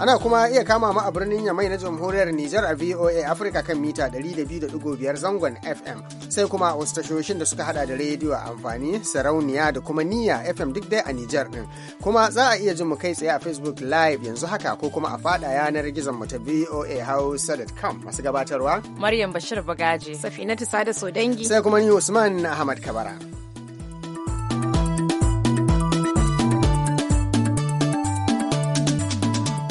Ana kuma iya kama mu a birnin Yamai na Jamhuriyar Nijar a VOA Africa kan mita 200.5 zangon FM sai kuma a wasu tashoshin da suka hada da rediyo a amfani sarauniya da kuma Niya FM duk dai a Nijar din. Kuma za a iya jin mu kai tsaye a Facebook Live yanzu haka ko kuma a fada yanar gizon mu ta VOA Hausa.com masu gabatarwa. Maryam Bashir Bagaji. Safinatu Sada Sodangi. Sai kuma ni Usman Ahmad Kabara.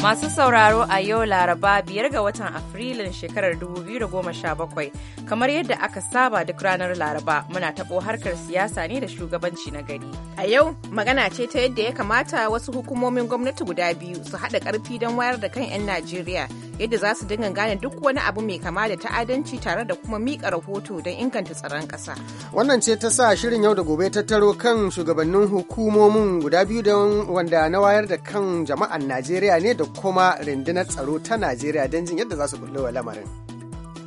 Masu sauraro a yau Laraba biyar ga watan Afrilun shekarar 2017 kamar yadda aka saba duk ranar laraba muna taɓo harkar siyasa ne da shugabanci na gari a yau magana ce ta yadda ya kamata wasu hukumomin gwamnati guda biyu su haɗa ƙarfi don wayar da kan 'yan najeriya yadda za su dinga gane duk wani abu mai kama da ta'adanci tare da kuma miƙa rahoto don inganta tsaron ƙasa wannan ce ta sa shirin yau da gobe tattaro kan shugabannin hukumomin guda biyu don wanda na wayar da kan jama'an najeriya ne da kuma rundunar tsaro ta najeriya don jin yadda za su wa lamarin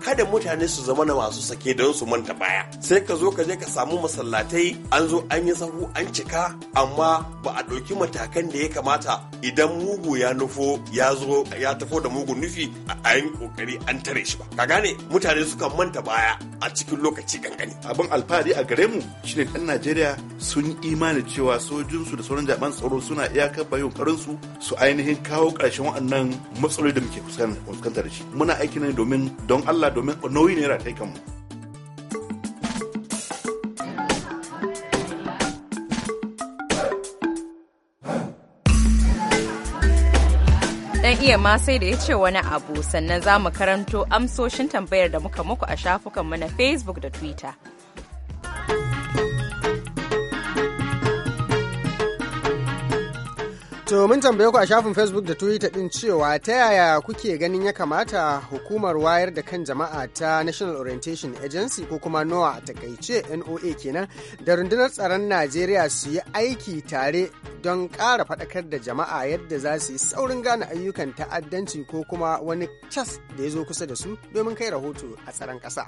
kada mutane su zama na masu sake don su manta baya sai ka zo ka je ka samu masallatai an zo an yi sahu an cika amma ba a ɗauki matakan da ya kamata idan mugu ya nufo ya zo ya tafo da mugun nufi a ayin kokari an tare shi ba ka gane mutane suka manta baya a cikin lokaci kankani abin alfahari a gare mu shine ɗan najeriya sun imani cewa sojinsu da sauran jami'an tsaro suna iyakar bayan karinsu su ainihin kawo ƙarshen waɗannan matsaloli da muke fuskanta da shi muna aiki ne domin don allah domin nauyi ne ta Dan iya ma sai da ya ce wani abu sannan za mu karanto amsoshin tambayar da muka muku a shafukanmu na Facebook da Twitter. To mun tambaye ku a shafin Facebook da Twitter din cewa ta yaya kuke ganin ya kamata hukumar wayar da kan jama'a ta National Orientation Agency ko kuma NOAA a takaice NOA kenan da rundunar tsaron Najeriya su yi aiki tare don ƙara faɗakar da jama'a yadda za su yi saurin gane ayyukan ta'addanci ko kuma wani cas da ya zo kusa da su domin kai rahoto a tsaron ƙasa.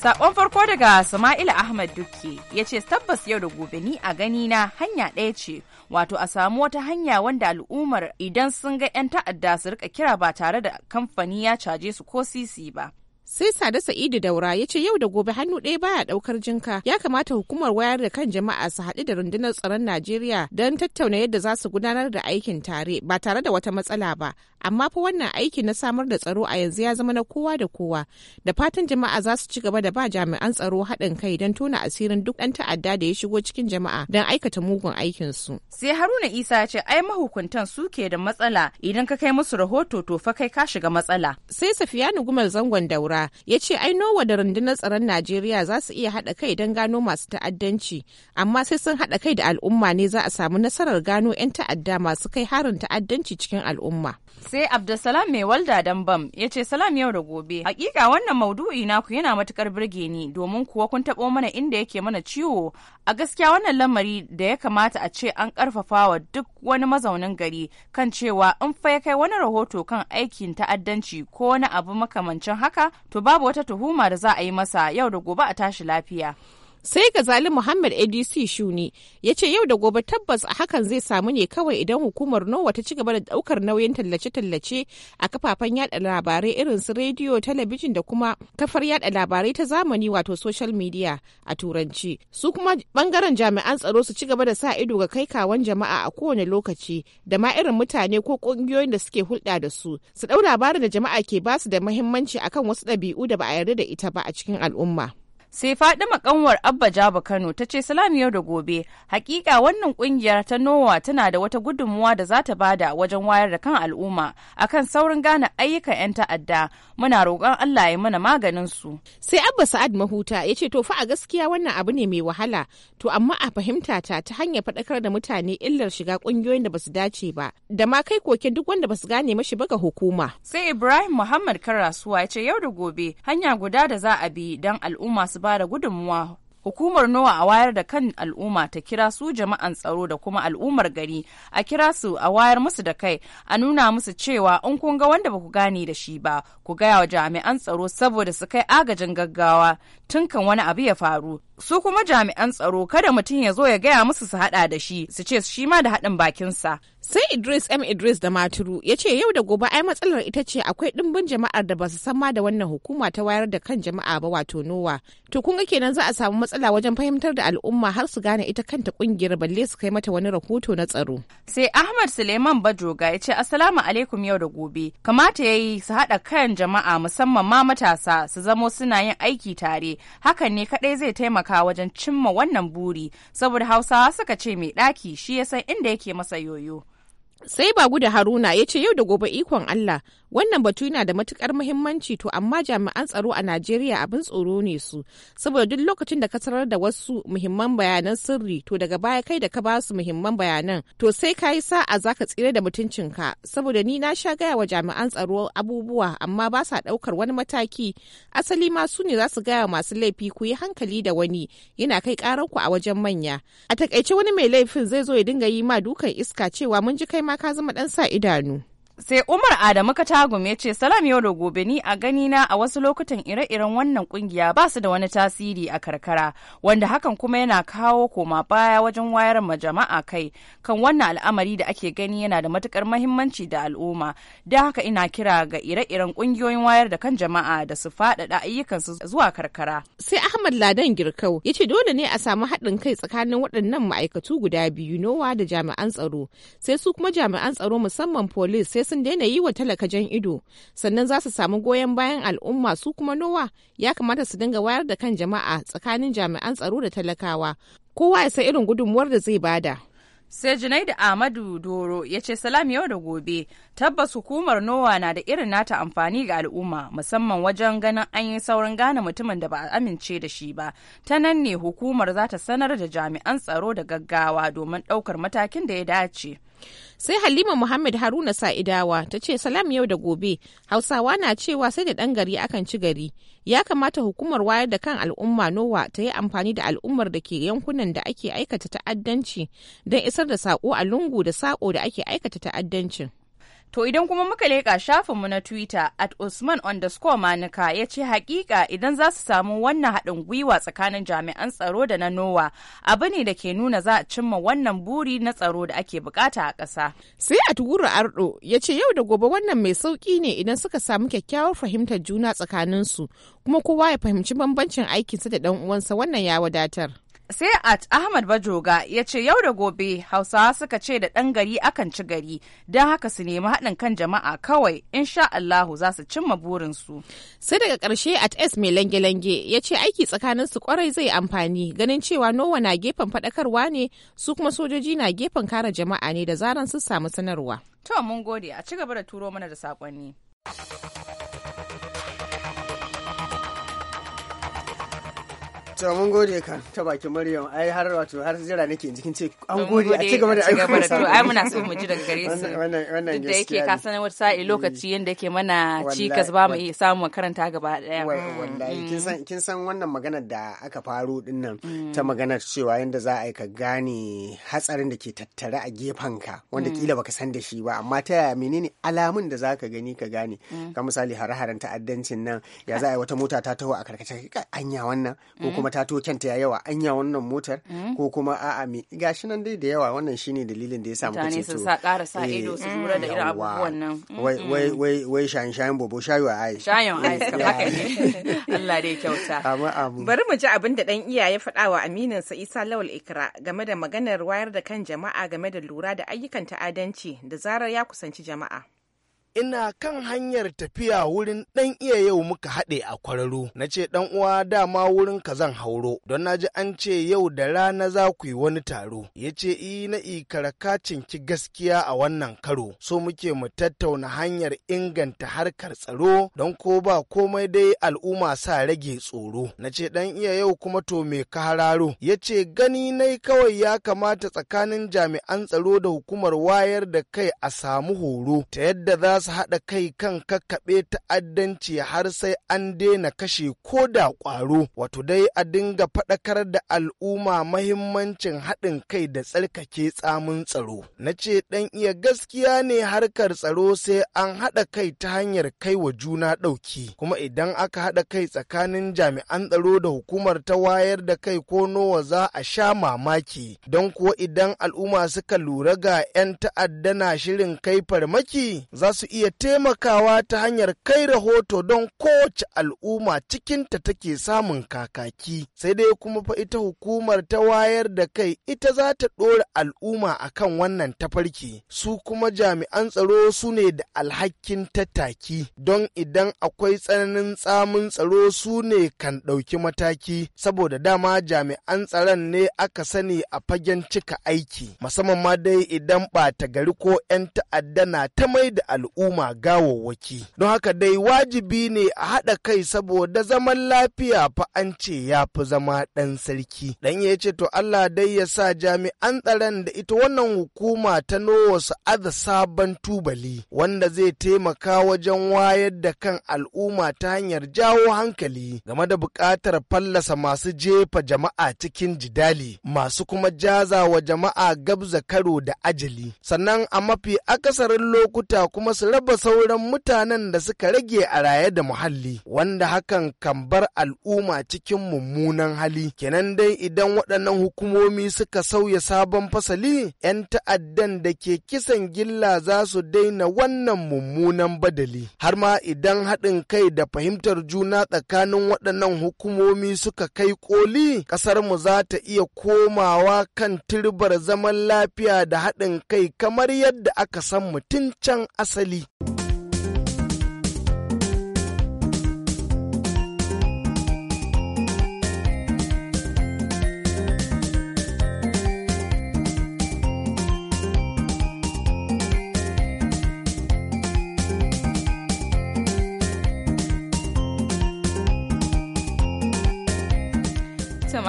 Sakon farko daga Sama'ila Ahmad Dukke ya ce tabbas yau da gobe ni a gani na hanya ɗaya ce wato a samu wata hanya wanda al'ummar idan sun ga 'yan ta'adda su rika kira ba tare da kamfani ya caje su ko sisi ba. sai sada sa'idu daura ya ce yau da gobe hannu ɗaya baya ɗaukar jinka ya kamata hukumar wayar da kan jama'a su haɗu da rundunar tsaron najeriya don tattauna yadda za su gudanar da aikin tare ba tare da wata matsala ba amma fa wannan aiki na samar da tsaro a yanzu ya zama na kowa da kowa da fatan jama'a za su ci gaba da ba jami'an tsaro haɗin kai don tona asirin duk ɗan ta'adda da ya shigo cikin jama'a don aikata mugun aikin su sai haruna isa ya ce ai mahukuntan su ke da matsala idan ka kai musu rahoto to fa kai ka shiga matsala sai safiyanu gumar zangon daura ya ce ai nowa da rundunar tsaron najeriya za su iya haɗa kai don gano masu ta'addanci amma sai sun haɗa kai da al'umma ne za a samu nasarar gano 'yan ta'adda masu kai harin ta'addanci cikin al'umma Sai Abdulsalam mai walda dambam ya ce salam yau da gobe. Hakika wannan maudu'i naku yana matukar birge ni domin kuwa kun taɓo mana inda yake mana ciwo. A gaskiya wannan lamari da ya kamata a ce an ƙarfafa wa duk wani mazaunin gari kan cewa in fa ya kai wani rahoto kan aikin ta'addanci ko wani abu makamancin haka to babu wata tuhuma da za a yi masa yau da gobe a tashi lafiya. sai ga gazali muhammad adc shuni ya ce yau da gobe tabbas a hakan zai samu ne kawai idan hukumar nowa ta ci gaba da daukar nauyin tallace-tallace a kafafen yada labarai irin su rediyo talabijin da kuma kafar yada labarai ta zamani wato social media a turanci su kuma bangaren jami'an tsaro su ci gaba da sa ido ga kai kawan jama'a a kowane lokaci da ma irin mutane ko kungiyoyin da suke hulɗa da su su dau labarin da jama'a ke basu da muhimmanci akan wasu ɗabi'u da ba a yarda da ita ba a cikin al'umma sai faɗi kanwar abba jaba kano ta ce salam yau da gobe hakika wannan kungiyar ta nowa tana da wata gudunmuwa da za ta bada wajen wayar da kan al'umma akan saurin gane ayyukan 'yan ta'adda muna roƙon allah ya mana maganin su sai abba sa'ad mahuta ya ce to fa a gaskiya wannan abu ne mai wahala to amma a fahimta ta ta hanyar faɗakar da mutane illar shiga kungiyoyin da basu dace ba da ma kai koken duk wanda basu gane mashi ba ga hukuma sai ibrahim muhammad karasuwa ya ce yau da gobe hanya guda da za a bi don al'umma su ba da gudunmuwa hukumar nowa a wayar da kan al'umma ta kira su jama'an tsaro da kuma al'ummar gari a kira su a wayar musu da kai a nuna musu cewa in kun ga wanda baku gane da shi ba ku gaya wa jami'an tsaro saboda su kai agajin gaggawa tun kan wani abu ya faru su kuma jami'an tsaro kada mutum ya zo ya gaya musu su hada da shi su ce shi ma da haɗin bakinsa Sai Idris M. Idris da Maturu ya ce yau da gobe ai matsalar ita ce akwai dimbin jama'ar da ba su san ma da wannan hukuma ta wayar da kan jama'a ba wato nowa. To kun ga kenan za a samu matsala wajen fahimtar da al'umma har su gane ita kanta kungiyar balle su kai mata wani rahoto na tsaro. Sai Ahmad Suleiman Bajoga ya ce Assalamu alaikum yau da gobe. Kamata ya yi su haɗa kan jama'a musamman ma matasa su zamo suna yin aiki tare. Hakan ne kaɗai zai taimaka wajen cimma wannan buri saboda Hausawa suka ce mai ɗaki shi ya san inda yake masa yoyo. sai ba guda haruna ya ce yau da gobe ikon allah wannan batu yana da matukar muhimmanci to amma jami'an tsaro a najeriya abin tsoro ne su saboda duk lokacin da ka sanar da wasu muhimman bayanan sirri to daga baya kai da ka ba su muhimman bayanan to sai ka yi sa'a za ka tsira da mutuncinka saboda ni na sha gaya wa jami'an tsaro abubuwa amma ba sa daukar wani mataki asali ma su ne za su gaya masu laifi ku yi hankali da wani yana kai karar ku a wajen manya a takaice wani mai laifin zai zo ya dinga yi ma dukan iska cewa mun ji kai ma ka zama ɗan sa idanu. sai umar adamu katagum ya ce salam yau da gobe ni a ganina a wasu lokutan ire-iren wannan kungiya ba su da wani tasiri a karkara wanda hakan kuma yana kawo koma baya wajen wayar ma jama'a kai kan wannan al'amari da ake gani yana da matukar mahimmanci da al'umma don haka ina kira ga ire-iren kungiyoyin wayar da kan jama'a da su faɗaɗa ayyukansu zuwa karkara sai ahmad ladan girkau ya ce dole ne a samu haɗin kai tsakanin waɗannan ma'aikatu guda biyu nowa da jami'an tsaro sai su kuma jami'an tsaro musamman polis sai sun daina yi wa talaka ido sannan za su samu goyon bayan al'umma su kuma nowa ya kamata su dinga wayar da kan jama'a tsakanin jami'an tsaro da talakawa kowa ya san irin gudunmuwar da zai bada sai da Ahmadu Doro ya ce salam yau da gobe tabbas hukumar Nowa na da irin nata amfani ga al'umma musamman wajen ganin an yi saurin gane mutumin da ba a amince da shi ba ta nan ne hukumar za ta sanar da jami'an tsaro da gaggawa domin ɗaukar matakin da ya dace. sai halima muhammad haruna sa'idawa ta ce salam yau da gobe hausawa na cewa sai da ɗan gari akan ci gari ya kamata hukumar wayar da kan al'umma nowa ta yi amfani da al'ummar da ke yankunan da ake aikata ta'addanci don isar da saƙo a lungu da saƙo da ake aikata ta'addancin To idan kuma muka leƙa shafinmu na Twitter at Usman underscore Manuka ya ce hakika idan za su samu wannan haɗin gwiwa tsakanin jami'an tsaro da na nowa abu ne da ke nuna za a cimma wannan buri na tsaro da ake bukata a ƙasa. Sai a tuguru ardo ya ce yau da gobe wannan mai sauƙi ne idan suka samu kyakkyawar fahimtar juna tsakaninsu kuma kowa ya fahimci bambancin aikinsa da ɗan uwansa wannan ya wadatar. sai at ahmad bajoga ya ce yau da gobe hausawa suka ce da ɗan gari akan ci gari don haka su nemi haɗin kan jama'a kawai insha allahu za su cimma burinsu sai daga ƙarshe at s mai lange-lange ya ce aiki tsakanin su kwarai zai amfani ganin cewa nowa na gefen faɗakarwa ne su kuma sojoji na gefen kare jama'a ne da zaran sun samu sanarwa to mun gode a ci gaba da turo mana da saƙonni. wato mun gode ka ta bakin Maryam ai har wato har jira nake jikin ce an gode a cigaba da aiki to ai muna so mu ji daga gare su wannan wannan da yake ka sanar wata sa'i lokaci mm. yanda yake mana cikas ba mu iya samu karanta gaba daya mm. wallahi kin san kin san wannan maganar da aka faro din nan mm. ta maganar cewa yanda za a yi ka gane hatsarin da ke tattare a gefen ka wanda kila baka san da shi ba amma ta yaya menene alamun da zaka gani ka gane ka misali hare-haren ta'addancin nan ya za a yi wata mota ta taho a karkace anya wannan ko kuma kuma ta token ya yawa anya wannan motar mm. ko kuma a'a me gashi nan dai da yawa wannan shine dalilin da ya samu kace to sa ƙara sa eh, ido su lura da irin abubuwan nan wai wai wai wai shayin shayin bobo shayo ai shayin ai haka ne Allah dai kyauta bari mu ji abin da dan iyaye faɗa wa aminin sa Isa Lawal Ikra game da maganar wayar da kan jama'a game da lura da ayyukan ta'adanci da zarar ya kusanci jama'a ina kan hanyar tafiya wurin ɗan iya yau muka haɗe a kwararo na ce ɗan uwa dama wurin ka zan hauro don na ji an ce yau da rana za ku yi wani taro ya ce i na ikarkacin ki gaskiya a wannan karo so muke mu tattauna hanyar inganta harkar tsaro don ko ba komai dai al'umma sa rage tsoro na ce ɗan iya yau kuma to me ka hararo ya ce gani nai kawai ya kamata tsakanin jami'an tsaro da hukumar wayar da kai a samu horo ta yadda za su haɗa kai kan kakkaɓe ta'addanci har sai an daina kashe ko da ƙwaro wato dai a dinga faɗakar da al'umma mahimmancin haɗin kai da tsarkake tsamin tsaro na ce ɗan iya gaskiya ne harkar tsaro sai an haɗa kai ta hanyar kai wa juna ɗauki kuma idan aka haɗa kai tsakanin jami'an tsaro da hukumar ta wayar da kai ko nowa za a sha mamaki don kuwa idan al'umma suka lura ga 'yan ta'adda na shirin kai farmaki za su iya taimakawa ta hanyar kai rahoto don kowace al'umma cikinta take samun kakaki sai dai kuma fa ita hukumar ta wayar da kai ita za ta ɗora al'umma akan wannan tafarki su kuma jami'an tsaro su ne da alhakin tattaki don idan akwai tsananin tsamin tsaro su ne kan ɗauki mataki saboda dama jami'an tsaron ne aka sani a fagen cika aiki musamman ma dai idan ɓata gari ko 'yan ta'adda na ta mai da al'umma al'umma gawawwaki don haka dai wajibi ne a haɗa kai saboda zaman lafiya fa an ce ya fi zama ɗan sarki dan ya ce to Allah dai ya sa jami'an tsaron da ita wannan hukuma ta nowa su aza sabon tubali wanda zai taimaka wajen wayar da kan al'umma ta hanyar jawo hankali game da buƙatar fallasa masu jefa jama'a cikin jidali masu kuma jaza wa jama'a gabza karo da ajali sannan a mafi akasarin lokuta kuma su raba sauran mutanen da suka rage a raye da muhalli wanda hakan kan bar al'umma cikin mummunan hali kenan dai idan waɗannan hukumomi suka sauya sabon fasali 'yan ta'addan da ke kisan gilla za su daina wannan mummunan badali har ma idan haɗin kai da fahimtar juna tsakanin waɗannan hukumomi suka kai koli ƙasarmu za ta iya komawa kan turbar zaman lafiya da haɗin kai kamar yadda aka san mutum can asali Bye.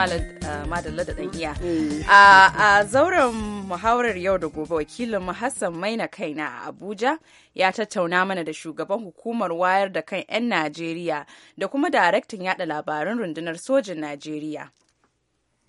Eh, madalla da dan iya mm. a zauren muhawarar yau da gobe wakilin mu hassan maina kaina a abuja ya tattauna mana da shugaban hukumar wayar da kan 'yan najeriya da kuma daraktan yada labaran rundunar sojin najeriya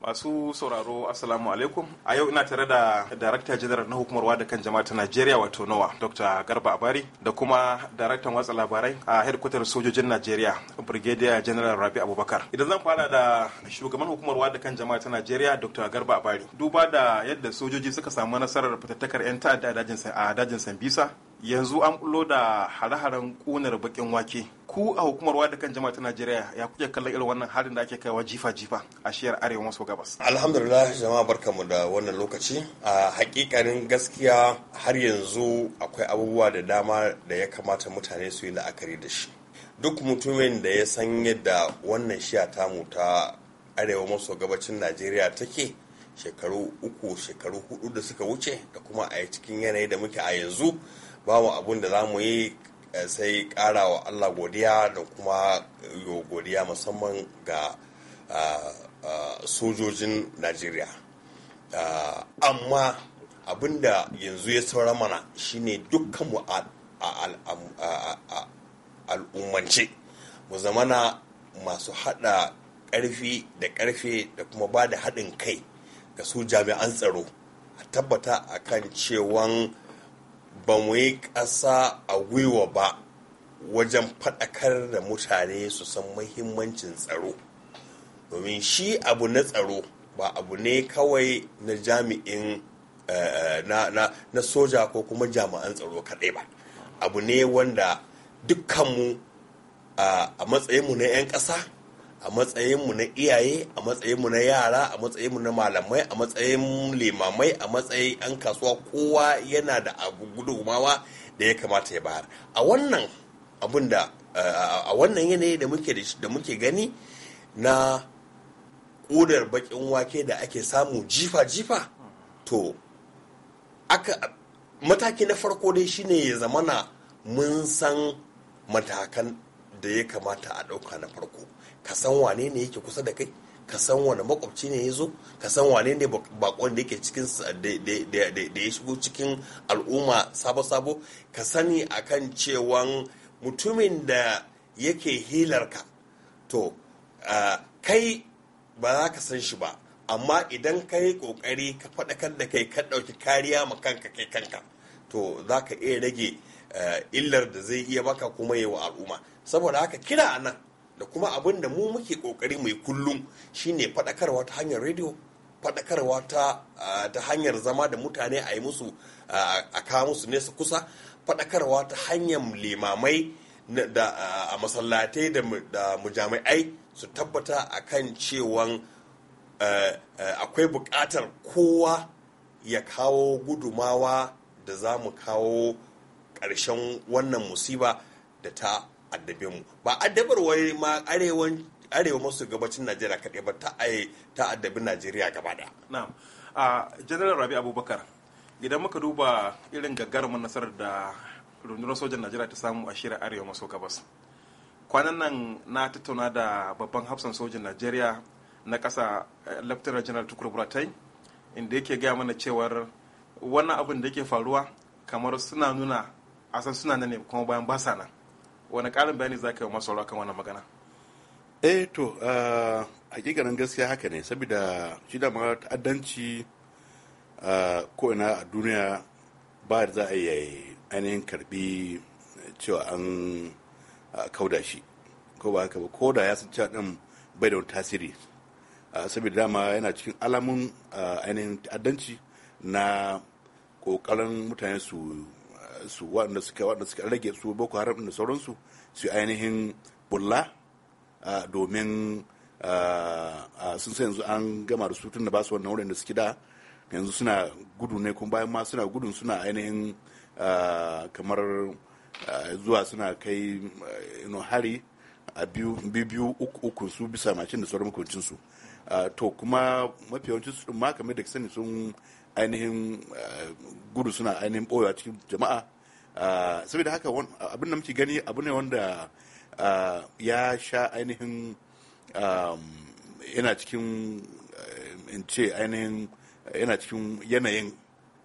Masu sauraro Assalamu alaikum. A yau ina tare da Darakta General na hukumar wada kan jama'a ta Najeriya wato NOWA, Dr. Garba Abari da kuma Daraktan watsa labarai a hedkwatar sojojin Najeriya, Brigadier General Rabi Abubakar. Idan zan fara da shugaban hukumar wada kan jama'a ta Najeriya, Dr. Garba Abari. Duba da yadda sojoji suka samu nasarar fitattakar 'yan ta'adda a dajin Sambisa, yanzu an bullo da hare-haren kunar bakin wake ku a hukumar da kan jama'a ta Najeriya ya kuke kallon irin wannan halin da ake kaiwa jifa-jifa a shiyar arewa maso gabas. Alhamdulillah jama'a barkamu da wannan lokaci. A hakikanin gaskiya har yanzu akwai abubuwa da dama da ya kamata mutane su yi la'akari da shi. Duk mutumin da ya san yadda wannan shiya ta ta arewa maso gabacin Najeriya take shekaru uku shekaru hudu da suka wuce da kuma a cikin yanayi da muke a yanzu babu abun da za mu yi Eh, sai ƙara wa Allah godiya da kuma godiya musamman ga eh, eh, sojojin Najeriya. Amma abin da yanzu ya saura mana shine dukkanmu al'ummance mu zamana masu haɗa ƙarfi da karfe da kuma ba da haɗin kai ga su jami'an tsaro a tabbata akan cewan ba mu yi ƙasa a gwiwa ba wajen faɗakar da mutane su san mahimmancin tsaro domin shi abu na tsaro ba abu ne kawai na jami'in eh, na soja ko kuma jami'an tsaro kaɗai ba abu ne wanda dukkanmu ah, a matsayinmu na 'yan ƙasa a matsayinmu na iyaye a matsayinmu na yara a matsayinmu na malamai a matsayin limamai a matsayin 'yan kasuwa kowa yana da abu gudunmawa da ya kamata ya bayar a wannan abin da a wannan yanayi da muke gani na ƙodar bakin wake da ake samu jifa-jifa to aka mataki na farko dai shine ya zamana mun san matakan da ya kamata a ɗauka na farko ka san wane ne yake kusa da kai ka san wane makwabci ne ya zo ka san wane ne bakon da yake cikin da ya shigo cikin al'umma sabo-sabo ka sani akan cewan mutumin da yake hilarka to kai ba za ka san shi ba amma idan ka yi ƙoƙari ka faɗakar da kai ka ɗauki kariya ma kanka kai kanka to za ka iya rage Eh, illar da zai iya baka kuma yi wa al'umma saboda haka kira a nan da kuma abin da mu muke kokari mai kullum shine faɗakarwa ta hanyar rediyo faɗakarwa ta eh, hanyar zama da mutane a yi musu eh, a kawo musu nesa kusa faɗakarwa ta hanyar limamai da a masallatai da mujami'ai su tabbata a kan cewan akwai buƙatar kowa ya kawo gudumawa da za mu kawo ƙarshen wannan musiba da ta addabe mu ba addabar wai ma arewan arewa maso gabacin najeriya kaɗai ba ta ta addabi najeriya gaba da a general rabi abubakar idan muka duba irin gagarumin nasarar da rundunar sojan najeriya ta samu a shirin arewa maso gabas kwanan nan na tattauna da babban hafsan sojan najeriya na ƙasa eh, laftanar general tukur buratai inda yake gaya mana cewar wannan abin da yake faruwa kamar suna nuna a san suna nan ne kuma bayan ba sa nan wani ƙarin bayani za ka yi masu kan wannan magana eh to ganin gaskiya haka ne saboda shi da ma ta'addanci ko ina a duniya ba da za a yi ainihin karbi cewa an kauda shi ko ba haka ba ko da ya san cewa din bai da wani tasiri saboda dama yana cikin alamun ainihin ta'addanci na kokarin mutane su su waɗanda suka waɗanda suka rage su boko haram da sauransu su ainihin bulla domin sun sai yanzu an gama da su tun da ba su wannan wurin da suke da yanzu suna gudu ne kuma bayan ma suna gudun suna ainihin kamar zuwa suna kai hari a biyu uku su bisa macin da sauran makoncinsu to kuma mafi yawancin su ma kamar da sani sun ainihin eh, gudu suna ainihin a cikin jama'a ah, saboda haka abin da muke gani abu ne wanda ah, ya sha ainihin yana cikin eh, in ce ainihin yana cikin yanayin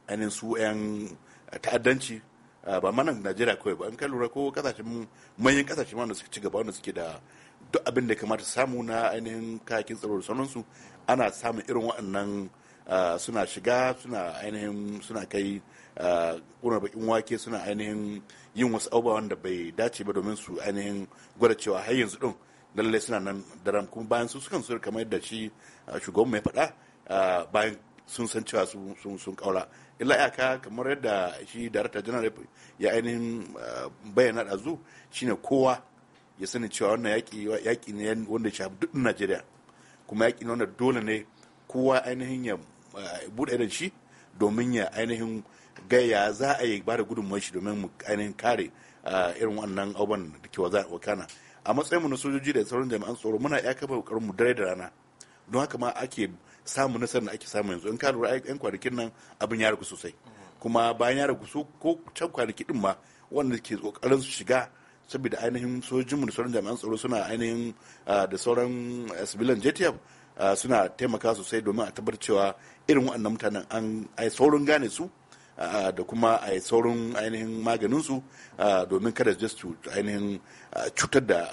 ainihin su 'yan ta'addanci ah, ba manan najeriya kawai ba in ka lura ko kasashen manyan kasashe wanda suka gaba wanda suke da duk abin da kamata samu na ainihin kayakin tsaro da sauransu ana samun irin waɗannan Uh, suna shiga suna ainihin suna kai kuna uh, bakin wake suna ainihin yin wasu abubuwa wanda bai dace ba domin su ainihin gwada cewa har yanzu din lallai suna nan daram kuma bayan su sukan su kamar yadda shi uh, shugaban mai faɗa bayan sun san cewa sun kaura illa iyaka kamar yadda shi darata janar ya ainihin bayyana ɗazu shine kowa ya sani cewa wannan yaƙi ne wanda ya shafi duk najeriya kuma yaƙi ne wanda dole ne kowa ainihin ya Bude da shi domin ya ainihin gaya za a yi ba da gudunmawar shi domin mu ainihin kare irin wannan abubuwan da ke wakana a matsayin mu na sojoji da sauran jami'an tsaro muna iya kafa kokarin mu dare da rana don haka ma ake samu nasarar da ake samu yanzu in ka lura yan kwanakin nan abin ya rugu sosai kuma bayan ya rugu su ko can kwanaki din ma wanda ke kokarin su shiga saboda ainihin sojojinmu da sauran jami'an tsaro suna ainihin da sauran eh, civilian jtf Ah, suna taimaka sosai domin a tabbatar cewa irin waɗannan mutanen an ai saurin gane su ah, da kuma a saurin ainihin maganinsu ah, domin kada su su ainihin cutar da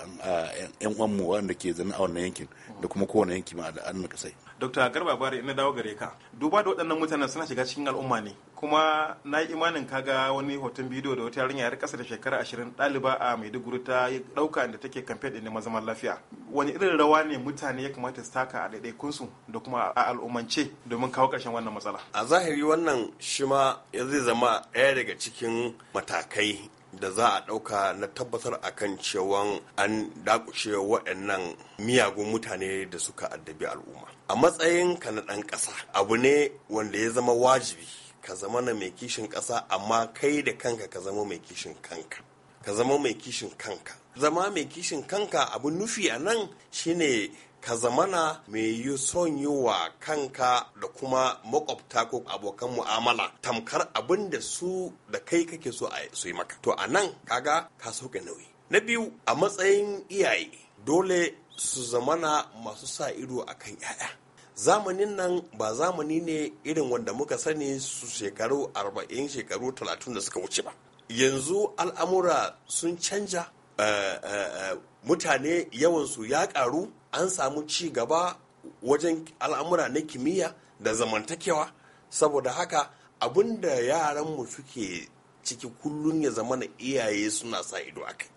'yan uwanmu wanda ke zama a wannan yankin da kuma kowane yanki ma da kasai. Dokta Garba Bari ina dawo gare ka. Duba da waɗannan mutanen suna shiga cikin al'umma ne kuma na yi imanin kaga wani hoton bidiyo da wata yarinya yar kasa da shekara ashirin ɗaliba a maiduguri ta ɗauka da take kamfe ɗin neman zaman lafiya wani irin rawa ne mutane ya kamata su taka a ɗaiɗaikunsu da kuma a al'ummance domin kawo ƙarshen wannan matsala a zahiri wannan shi ma zai zama ɗaya daga cikin matakai da za a ɗauka na tabbatar kan cewa an dakushe waɗannan miyagun mutane da suka addabi al'umma a matsayin ka na ɗan ƙasa abu ne wanda ya zama wajibi ka zama na mai kishin ƙasa amma kai da kanka ka zama mai kishin kanka ka zama mai kishin kanka zama mai kishin kanka abu nufi a nan shine ka zamana mai son yi wa kanka da kuma makwabta ko abokan mu'amala tamkar abin da su da kai kake so a su yi maka to a nan kaga ka sauke nauyi na biyu a matsayin iyaye dole su zamana masu sa ido akan 'ya'ya zamanin nan ba zamani ne irin wanda muka sani su shekaru 40 shekaru 30 da suka wuce ba yanzu al'amura sun canja eh, eh, eh, mutane yawansu ya karu an samu ci gaba wajen al'amura na kimiyya da zamantakewa saboda haka abin da yaranmu suke ciki kullum ya zama na iyaye suna sa ido a kai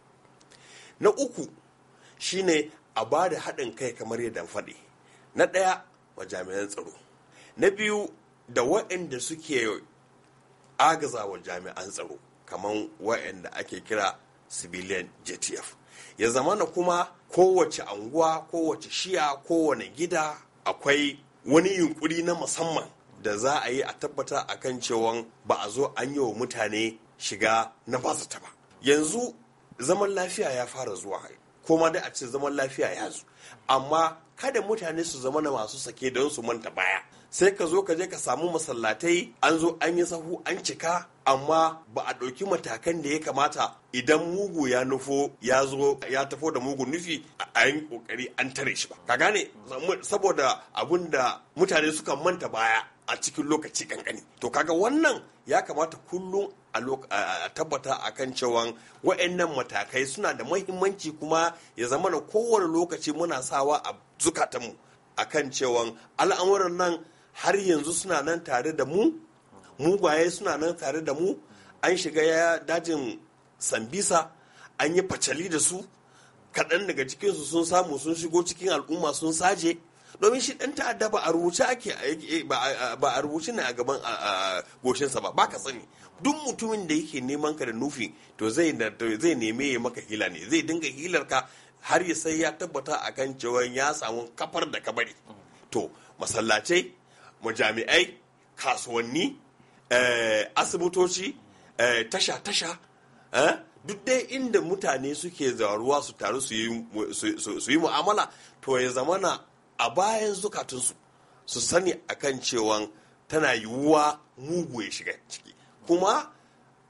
na uku shine a ba da haɗin kai kamar yadda faɗi na ɗaya wa jami'an tsaro na biyu da waɗanda suke agaza wa jami'an tsaro kamar waɗanda ake kira civilian jtf ya zama na kuma kowace anguwa kowace shiya kowane gida akwai wani yunkuri na musamman da za a yi a tabbata a kan cewa ba a zo an yi wa mutane shiga na bazata ba yanzu zaman lafiya ya fara zuwa kuma dai a ce zaman lafiya ya zo amma kada mutane su zama na masu sake don su manta baya sai ka zo ka je ka samu masallatai an zo an yi sahu an cika amma ba a ɗauki matakan da ya kamata idan mugu ya nufo ya zo ya tafo da mugu nufi a yin ƙoƙari an tare shi ba ka gane saboda abun da mutane suka manta baya a cikin lokaci kankani to kaga wannan ya kamata kullum a tabbata a kan cewa wa'annan matakai suna da mahimmanci kuma ya zama na kowane lokaci muna sawa a zukatanmu a kan cewa al'amuran nan har yanzu suna nan tare da mu mugaye suna nan tare da mu an shiga dajin sambisa an yi facali da su kaɗan daga cikinsu sun samu sun shigo cikin al'umma sun saje domin shi dan ta'adda ba a rubuce ake eh, ba a rubuce ne a gaban goshinsa ba baka sani duk mutumin da yake neman ka da nufi to zai zai neme ya maka hila ne zai dinga hilar ka har ya sai ya tabbata a kan cewa ya samu kafar da ka bari to masallacai majami'ai kasuwanni eh, asibitoci eh, tasha tasha duk dai inda mutane suke zaruwa su taru su yi mu'amala to ya zamana a bayan zukatunsu su sani a kan cewa tana yiwuwa mugu ya shiga ciki kuma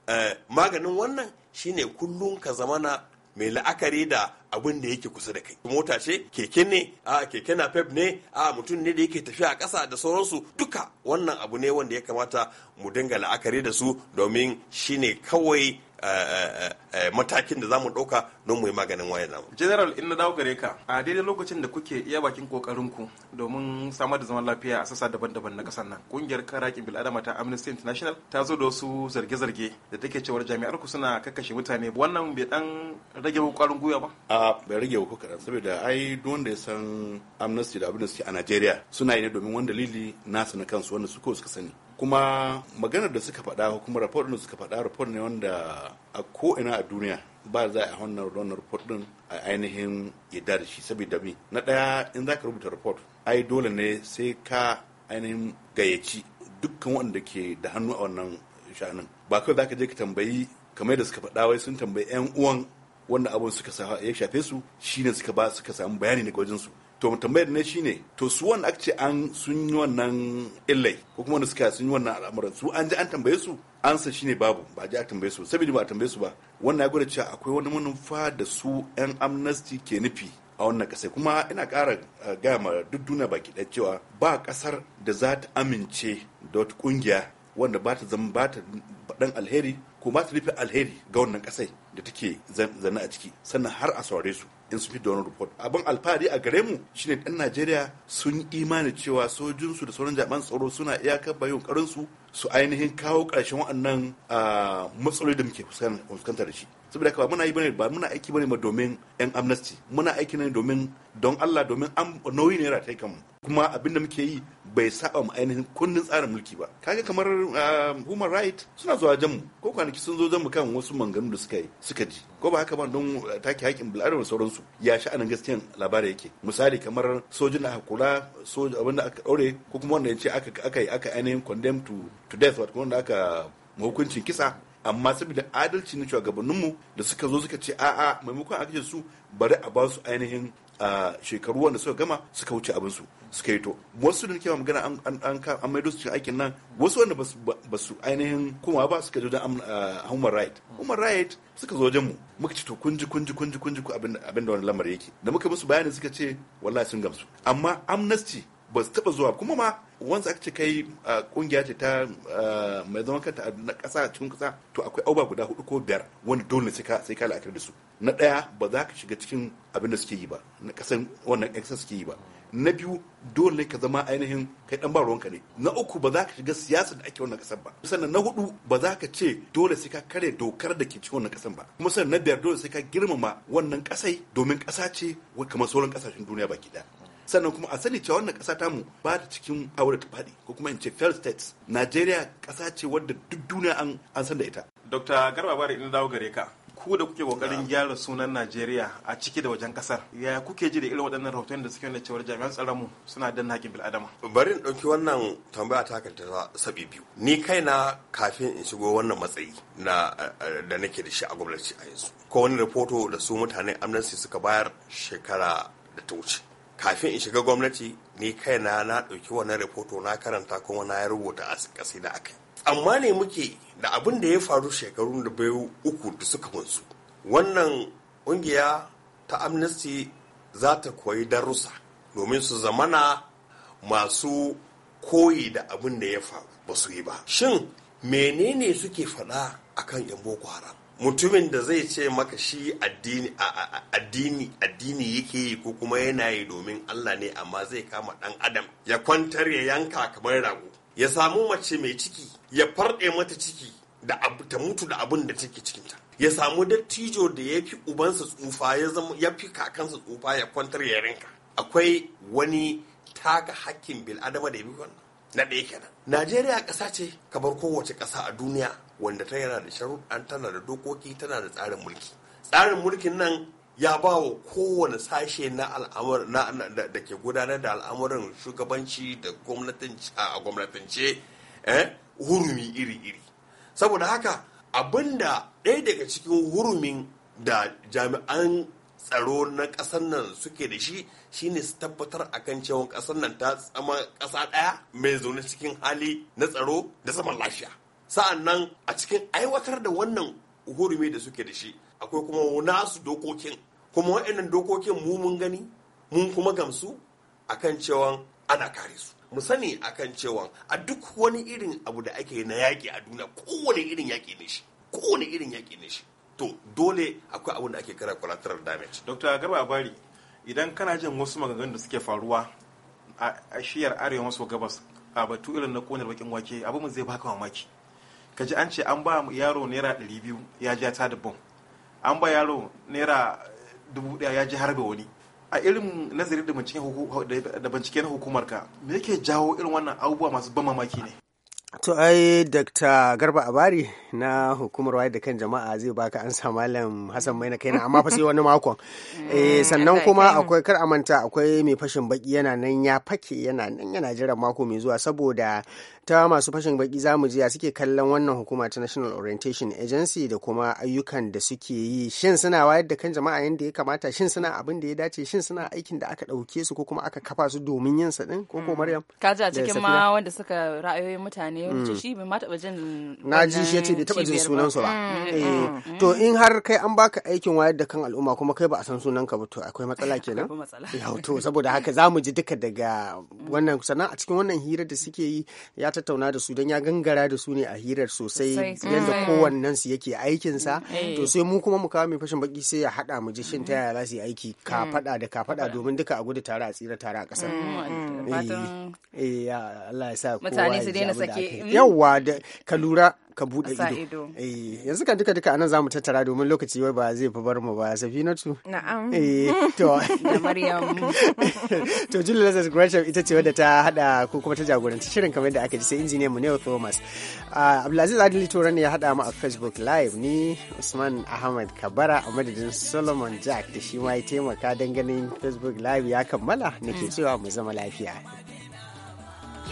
eh, maganin wannan shine kullum ka zamana mai la'akari da abin da yake kusa da kai mota ce keke ne a keke na pep ne a mutum ne da yake tafiya a ƙasa da sauransu duka wannan abu ne wanda ya kamata mu dinga la'akari da su domin shine kawai Eh, eh, eh, matakin da za mu ɗauka don mu yi maganin wayan namu. General in na dawo gare ka a daidai lokacin da kuke iya bakin kokarinku domin samar da zaman lafiya a sassa daban-daban na ƙasar nan kungiyar karakin bil'adama ta Amnesty International ta zo da wasu zarge-zarge da take cewar jami'ar ku suna kakkashe mutane wannan bai dan rage muku ƙwarin gwiwa ba. A bai rage muku kaɗan saboda ai duk wanda ya san Amnesty da abin da suke a Najeriya suna yi ne domin wani dalili nasu na kansu wanda su suka sani. kuma maganar da suka faɗa kuma rahoton da suka faɗa rahoton ne wanda a ko'ina a duniya ba za a wannan wannan a ainihin yadda da shi saboda mi na ɗaya in za ka rubuta report ai dole ne sai ka ainihin gayyaci dukkan wanda ke da hannu a wannan shanun ba kawai za ka je ka tambayi kamar da suka faɗa wai sun tambayi 'yan uwan wanda abun suka ya shafe su shine suka ba suka samu bayani daga wajen su to tambayar ne shine to su wanda aka ce an sun yi wannan illai ko kuma suka sun yi wannan al'amuran su an ji an tambaye su ansa shine babu ba ji a tambaye su saboda ba a tambaye su ba wannan ya gwada cewa akwai wani manufa da su yan amnesty ke nufi a wannan kasai kuma ina ƙara eh, gaya ma duk duniya baki ɗaya cewa ba ƙasar da za ta amince da wata ƙungiya wanda ba ta zama ba ta dan alheri ko ba ta rufe alheri ga wannan kasai da take zanna a ciki sannan har a saurare su in su fi da wani report abin alfahari a gare mu shine dan najeriya sun yi imani cewa sojinsu da sauran jaman tsaro suna iyakar bayan karinsu su ainihin kawo ƙarshen wannan ah, matsaloli da muke fuskantar da shi saboda haka ba muna yi bane ba muna aiki bane domin yan amnesty muna aiki ne domin don Allah domin an nauyi ne ra taikan kuma abin da muke yi bai saba mu ainihin kundin tsarin mulki ba kaga kamar ah, human right suna zuwa jan mu ko kwanaki sun zo jan mu kan wasu manganu da suka yi suka ji ko ba haka ba don take haƙin bil'adama da su. ya sha anan gaskiyan labari yake misali kamar sojin da aka kula soja abin aka daure ko kuma wanda ya ce aka aka ainihin condemn to to death wato wanda aka hukuncin kisa amma saboda adalci na shugabanninmu da suka zo suka ce a'a maimakon a kashe su bari a ba su ainihin shekaru wanda suka gama suka wuce su suka yi to wasu da nake magana an maido su cikin aikin nan wasu wanda ba su ainihin kuma ba suka zo don human right human right suka zo wajen mu muka ce to kunji kunji kunji kunji abin da wani lamar yake da muka musu bayani suka ce wallahi sun gamsu amma amnesty ba su taba zuwa kuma ma wanzu aka ce kai kungiya ce ta mai zama kanta na kasa cikin kasa to akwai auba guda hudu ko biyar wanda dole sai ka sai ka da su na daya ba za ka shiga cikin abin da suke yi ba na kasan wannan extra suke yi ba na biyu dole ka zama ainihin kai dan ruwanka ne na uku ba za ka shiga siyasa da ake wannan kasar ba sannan na hudu ba za ka ce dole sai ka kare dokar da ke cikin wannan kasar ba kuma sannan na biyar dole sai ka girmama wannan kasai domin kasa ce kamar sauran kasashen duniya baki daya sannan kuma a sani cewa wannan kasa tamu ba da cikin aure ta faɗi ko kuma in ce first states najeriya ƙasa ce wadda duk duniya an san da ita dr garba bari in dawo gare ka ku da kuke kokarin gyara sunan Najeriya a ciki da wajen kasar ya kuke ji da irin waɗannan rahoton da suke wani cewar jami'an mu suna danna haƙƙin bil'adama bari in ɗauki wannan tambaya ta kan ta sabi biyu ni kai na kafin in shigo wannan matsayi na da nake da shi a gwamnati a yanzu ko wani rahoto da su mutane amnesty suka bayar shekara da ta wuce kafin in shiga gwamnati ni kaina na ɗauki wani rahoto na karanta kuma na rubuta a da akai amma ne muke da abin da ya faru shekarun da bayu uku da suka wanzu wannan ƙungiya ta amnesty za ta koyi darussa domin su zamana masu koyi da abin da ya faru ba su yi ba shin menene suke faɗa akan yan boko haram mutumin da zai ce maka shi addini addini addini yake yi ko kuma yana yi domin Allah ne amma zai kama dan adam ya kwantar ya yanka kamar rago ya samu mace mai ciki ya farɗe mata ciki da ta mutu da abun da take cikinta ya samu dattijo da ya fi ubansa tsufa ya zama fi kakansa tsufa ya kwantar ya rinka akwai wani taka hakkin bil'adama da ya bi wannan na ɗaya kenan najeriya ƙasa ce kamar kowace ƙasa a duniya wanda ta yana da sharuɗan tana da dokoki tana da tsarin mulki tsarin mulkin nan ya ba wa kowane sashe na al'amur da ke gudanar da al'amuran shugabanci da a gwamnatance eh, hurumi iri-iri saboda haka abinda ɗaya daga cikin hurumin da jami'an tsaro na ƙasar nan suke da shi shine su tabbatar a kan cewa ƙasar nan ta tsama ƙasa ɗaya mai zaune cikin hali na tsaro da saman lafiya sa'an nan a cikin aiwatar da wannan hurumi da suke da shi akwai kuma nasu dokokin kuma waɗannan dokokin mu mun gani mun kuma gamsu akan cewa ana kare su mu sani akan cewa a duk wani irin abu da ake na yaƙi a duniya kowane irin yaƙi ne shi kowane irin yaƙi ne shi to dole akwai abin da ake kira collateral damage dr garba bari idan kana jin wasu maganganun da suke faruwa a shiyar arewa maso gabas a batu irin na ƙonar bakin wake abin zai baka mamaki ka ji an ce an ba yaro naira ɗari biyu ya ja ta da bom an ba yaro naira dubu ɗaya ya ji harbe wani a irin nazari da bincike na hukumar ka me yake jawo irin wannan abubuwa masu ban mamaki ne To ai Dr. Garba Abari na hukumar wayar da kan jama'a zai baka an samu malam hasan Mai na kaina amma fa sai wani makon. Eh mm, sannan kuma akwai kar amanta akwai mai fashin baki yana nan ya fake yana nan yana jiran mako mai zuwa saboda ta masu fashin baki zamu ji suke kallon wannan hukuma ta National Orientation Agency da kuma ayyukan da suke yi shin suna wayar da kan jama'a yanda ya kamata shin suna abin da ya dace shin suna aikin da aka dauke su ko kuma aka kafa su domin yin sa din ko mm. Maryam. Ka ji a cikin ma wanda suka ra'ayoyin mutane ne ya wuce mm. shi bai ma taɓa jin na ji shi ya bai taɓa jin sunan su ba eh, mm, mm, eh. to in har kai an baka aikin wayar da kan al'umma kuma kai ba a san sunan ka ba to akwai matsala kenan ya to saboda haka za mu ji duka daga wannan sannan a cikin wannan hirar da suke yi ya tattauna da su dan ya gangara da su ne a hirar sosai yadda kowannen su yake sa eh. to sai mu kuma mu kawo mai fashin baki sai ya haɗa mu ji shin ta yaya za su yi aiki ka faɗa da ka faɗa domin duka a gudu tare a tsira tare a ƙasar. eh Allah ya sa mutane su daina sake hmm? yawa da ka lura ka bude ido eh yanzu kan duka duka anan zamu tattara domin lokaci wai ba zai fi bar mu ba safinatu na'am eh to da maryam to julia lazarus gresham ita ce wadda ta hada ko kuma ta jagoranci shirin kamar yadda aka ji sai injiniyan mu ne thomas ah, abdulaziz adili toran ya hada mu a facebook live ni usman ahmad kabara a madadin solomon jack da shi ma ya taimaka don ganin facebook live ya kammala nake hmm. cewa mu zama lafiya